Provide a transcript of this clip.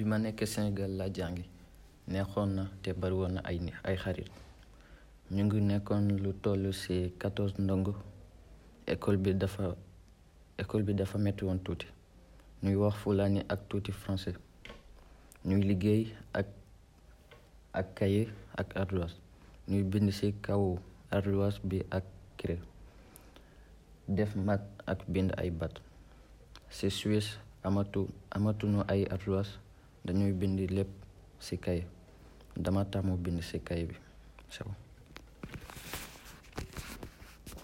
bi ma nekk Sénégal la jàngi neexoon na te bari na ay ay xarit ñu ngi nekkoon lu toll ci quatorze ndongo école bi dafa école bi dafa metti woon tuuti ñuy wax fulaani ak tuuti français ñuy liggéey ak ak cahier ak ardoise ñuy bind ci kaw ardoise bi ak crayon def mat ak bind ay bat ci Suisse amatu amatuñu ay ardoise dañuy bind lépp ci kay dama tàmmu bind ci kay bi c'est